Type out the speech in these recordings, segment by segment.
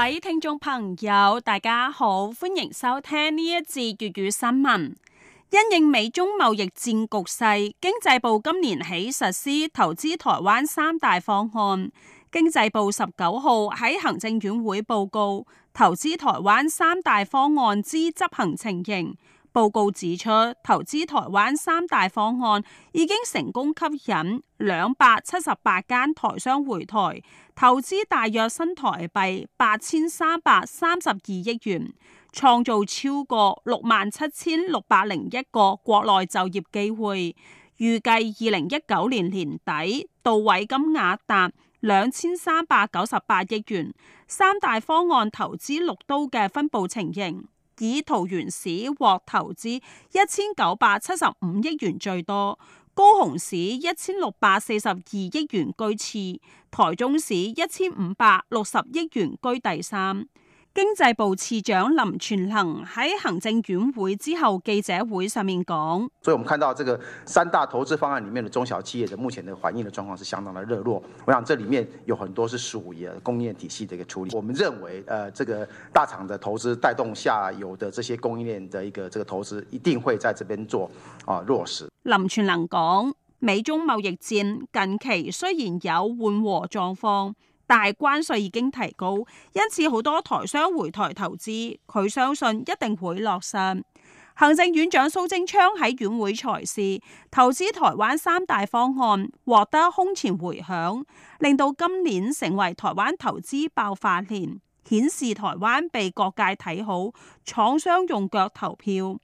各位聽眾朋友，大家好，歡迎收聽呢一節粵語新聞。因應美中貿易戰局勢，經濟部今年起實施投資台灣三大方案。經濟部十九號喺行政院會報告投資台灣三大方案之執行情形。報告指出，投資台灣三大方案已經成功吸引兩百七十八間台商回台投資大約新台幣八千三百三十二億元，創造超過六萬七千六百零一個國內就業機會，預計二零一九年年底到位金額達兩千三百九十八億元。三大方案投資六都嘅分布情形，以桃園市獲投資一千九百七十五億元最多，高雄市一千六百四十二億元居次，台中市一千五百六十億元居第三。經濟部次長林全能喺行政院會之後記者會上面講，所以我們看到這個三大投資方案裏面的中小企業的目前的反應的狀況是相當的熱絡。我想這裏面有很多是屬於工業體系的一個處理。我們認為，誒，這個大廠的投資帶動下游的這些供應鏈的一個這個投資，一定會在這邊做啊落實。林全能講，美中貿易戰近期雖然有緩和狀況。大關稅已經提高，因此好多台商回台投資。佢相信一定會落實。行政院長蘇貞昌喺院會裁示投資台灣三大方案獲得空前回響，令到今年成為台灣投資爆發年，顯示台灣被各界睇好，廠商用腳投票。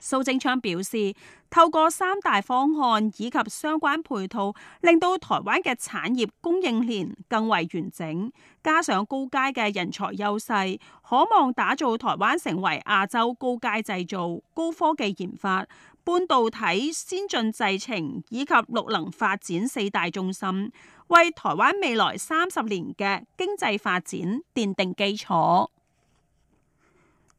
蘇貞昌表示，透過三大方案以及相關配套，令到台灣嘅產業供應鏈更為完整。加上高階嘅人才優勢，可望打造台灣成為亞洲高階製造、高科技研發、半導體先進製程以及綠能發展四大中心，為台灣未來三十年嘅經濟發展奠定基礎。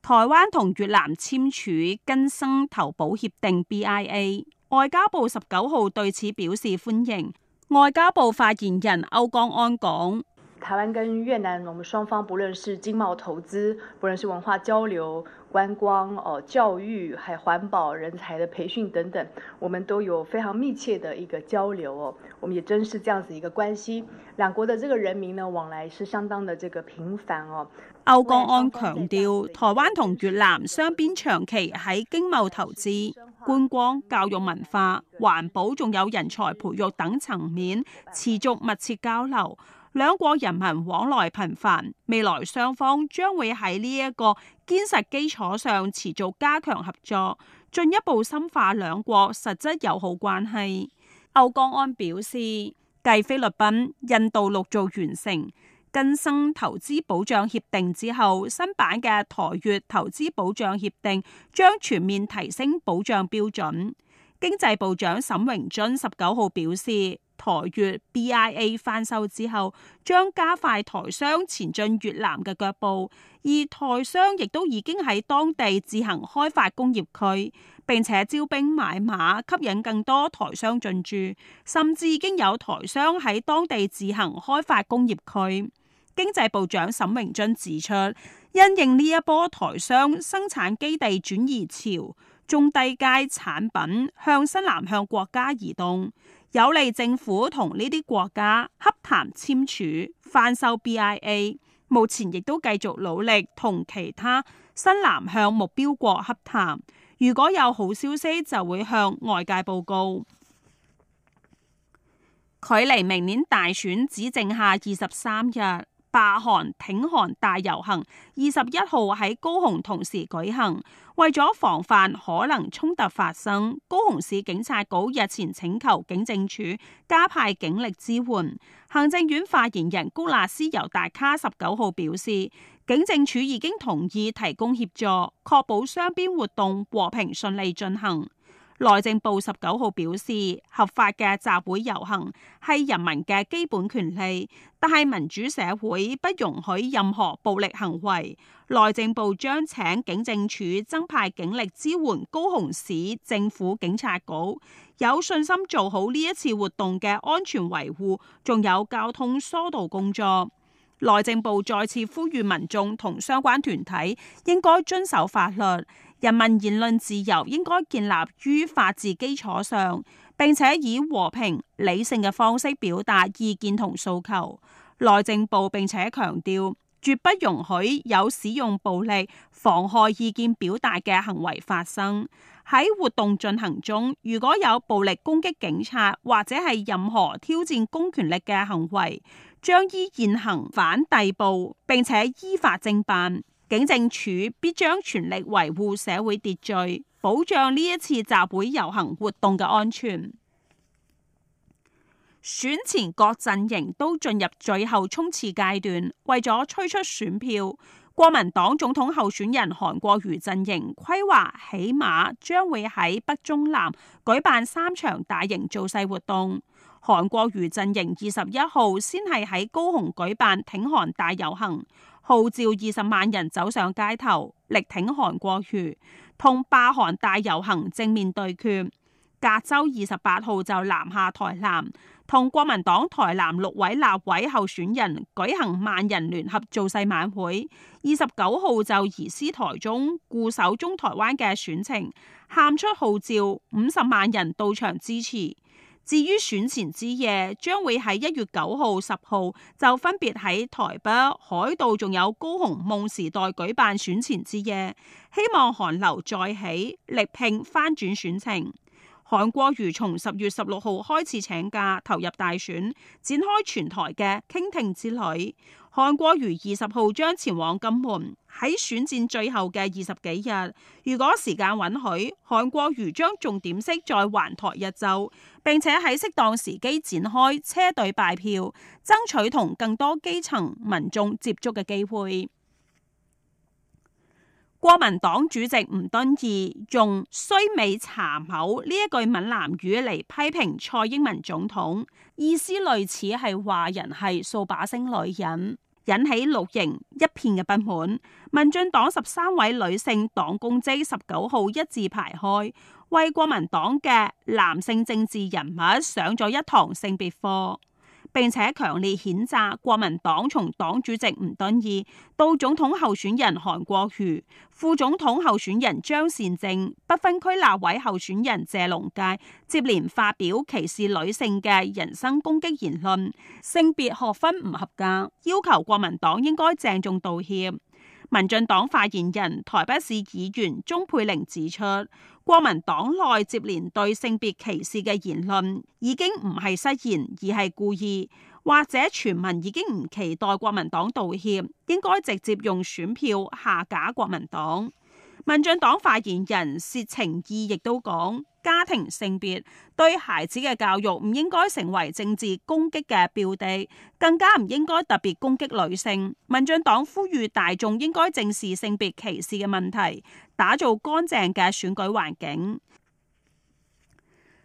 台灣同越南簽署更新投保協定 BIA，外交部十九號對此表示歡迎。外交部發言人歐江安講。台灣跟越南，我們雙方，不論是經貿投資，不論是文化交流、觀光、哦、呃、教育，還有環保、人才的培訓等等，我們都有非常密切的一個交流哦。我們也真是這樣子一個關係，兩國的這個人民呢，往來是相當的這個頻繁哦。歐江安強調，台灣同越南雙邊長期喺經貿投資、觀光、教育文化、環保，仲有人才培育等層面持續密切交流。兩國人民往來頻繁，未來雙方將會喺呢一個堅實基礎上持續加強合作，進一步深化兩國實質友好關係。歐江安表示，繼菲律賓、印度陸續完成更新投資保障協定之後，新版嘅台越投資保障協定將全面提升保障標準。經濟部長沈榮津十九號表示。台越 BIA 翻修之後，將加快台商前進越南嘅腳步，而台商亦都已經喺當地自行開發工業區，並且招兵買馬吸引更多台商進駐，甚至已經有台商喺當地自行開發工業區，經濟部長沈榮津指出，因應呢一波台商生產基地轉移潮。中低階產品向新南向國家移動，有利政府同呢啲國家洽談簽署翻修 BIA，目前亦都繼續努力同其他新南向目標國洽談。如果有好消息，就會向外界報告。距離明年大選只剩下二十三日。霸罷韓挺韓大遊行二十一號喺高雄同時舉行，為咗防範可能衝突發生，高雄市警察局日前請求警政署加派警力支援。行政院發言人谷辣斯尤達卡十九號表示，警政署已經同意提供協助，確保雙邊活動和平順利進行。內政部十九號表示，合法嘅集會遊行係人民嘅基本權利，但係民主社會不容許任何暴力行為。內政部將請警政署增派警力支援高雄市政府警察局，有信心做好呢一次活動嘅安全維護，仲有交通疏導工作。內政部再次呼籲民眾同相關團體應該遵守法律。人民言論自由應該建立於法治基礎上，並且以和平理性嘅方式表達意見同訴求。內政部並且強調，絕不容許有使用暴力妨害意見表達嘅行為發生。喺活動進行中，如果有暴力攻擊警察或者係任何挑戰公權力嘅行為，將依現行犯逮捕，並且依法偵辦。警政署必將全力維護社會秩序，保障呢一次集會遊行活動嘅安全。選前各陣營都進入最後衝刺階段，為咗催出選票，國民黨總統候選人韓國瑜陣營規劃起碼將會喺北中南舉辦三場大型造勢活動。韓國瑜陣營二十一號先係喺高雄舉辦挺韓大遊行。號召二十萬人走上街頭，力挺韓國瑜，同罷韓大遊行正面對決。隔周二十八號就南下台南，同國民黨台南六位立委候選人舉行萬人聯合造勢晚會。二十九號就移師台中，固守中台灣嘅選情，喊出號召五十萬人到場支持。至於選前之夜，將會喺一月九號、十號就分別喺台北、凱道仲有高雄夢時代舉辦選前之夜，希望韓流再起，力拼翻轉選情。韓國瑜從十月十六號開始請假，投入大選，展開全台嘅傾聽之旅。韓國瑜二十號將前往金門，喺選戰最後嘅二十幾日，如果時間允許，韓國瑜將重點式在環台一周，並且喺適當時機展開車隊拜票，爭取同更多基層民眾接觸嘅機會。國民黨主席吳敦義用“衰美查某”呢一句閩南語嚟批評蔡英文總統，意思類似係話人係掃把星女人，引起綠營一片嘅不滿。民進黨十三位女性黨公職十九號一字排開，為國民黨嘅男性政治人物上咗一堂性別課。並且強烈譴責國民黨從黨主席吳敦義到總統候選人韓國瑜、副總統候選人張善政、不分區立委候選人謝龍介接連發表歧視女性嘅人身攻擊言論，性別學分唔合格，要求國民黨應該鄭重道歉。民進黨發言人、台北市議員鍾佩玲指出，國民黨內接連對性別歧視嘅言論已經唔係失言，而係故意，或者全民已經唔期待國民黨道歉，應該直接用選票下架國民黨。民進黨發言人薛晴意亦都講。家庭性別對孩子嘅教育唔應該成為政治攻擊嘅標的，更加唔應該特別攻擊女性。民進黨呼籲大眾應該正視性別歧視嘅問題，打造乾淨嘅選舉環境。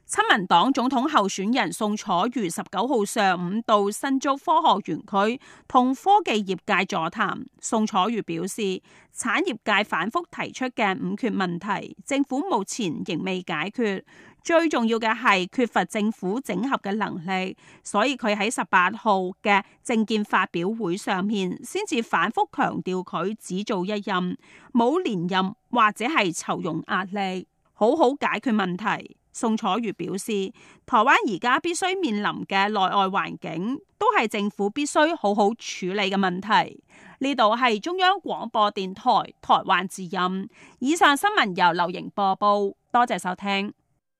親民黨總統候選人宋楚瑜十九號上午到新竹科學園區同科技業界座談。宋楚瑜表示，產業界反覆提出嘅五缺問題，政府目前仍未解決。最重要嘅係缺乏政府整合嘅能力，所以佢喺十八號嘅政見發表會上面，先至反覆強調佢只做一任，冇連任或者係酬庸壓力，好好解決問題。宋楚瑜表示，台灣而家必須面臨嘅內外環境，都係政府必須好好處理嘅問題。呢度係中央廣播電台台灣之音。以上新聞由劉瑩播報，多謝收聽。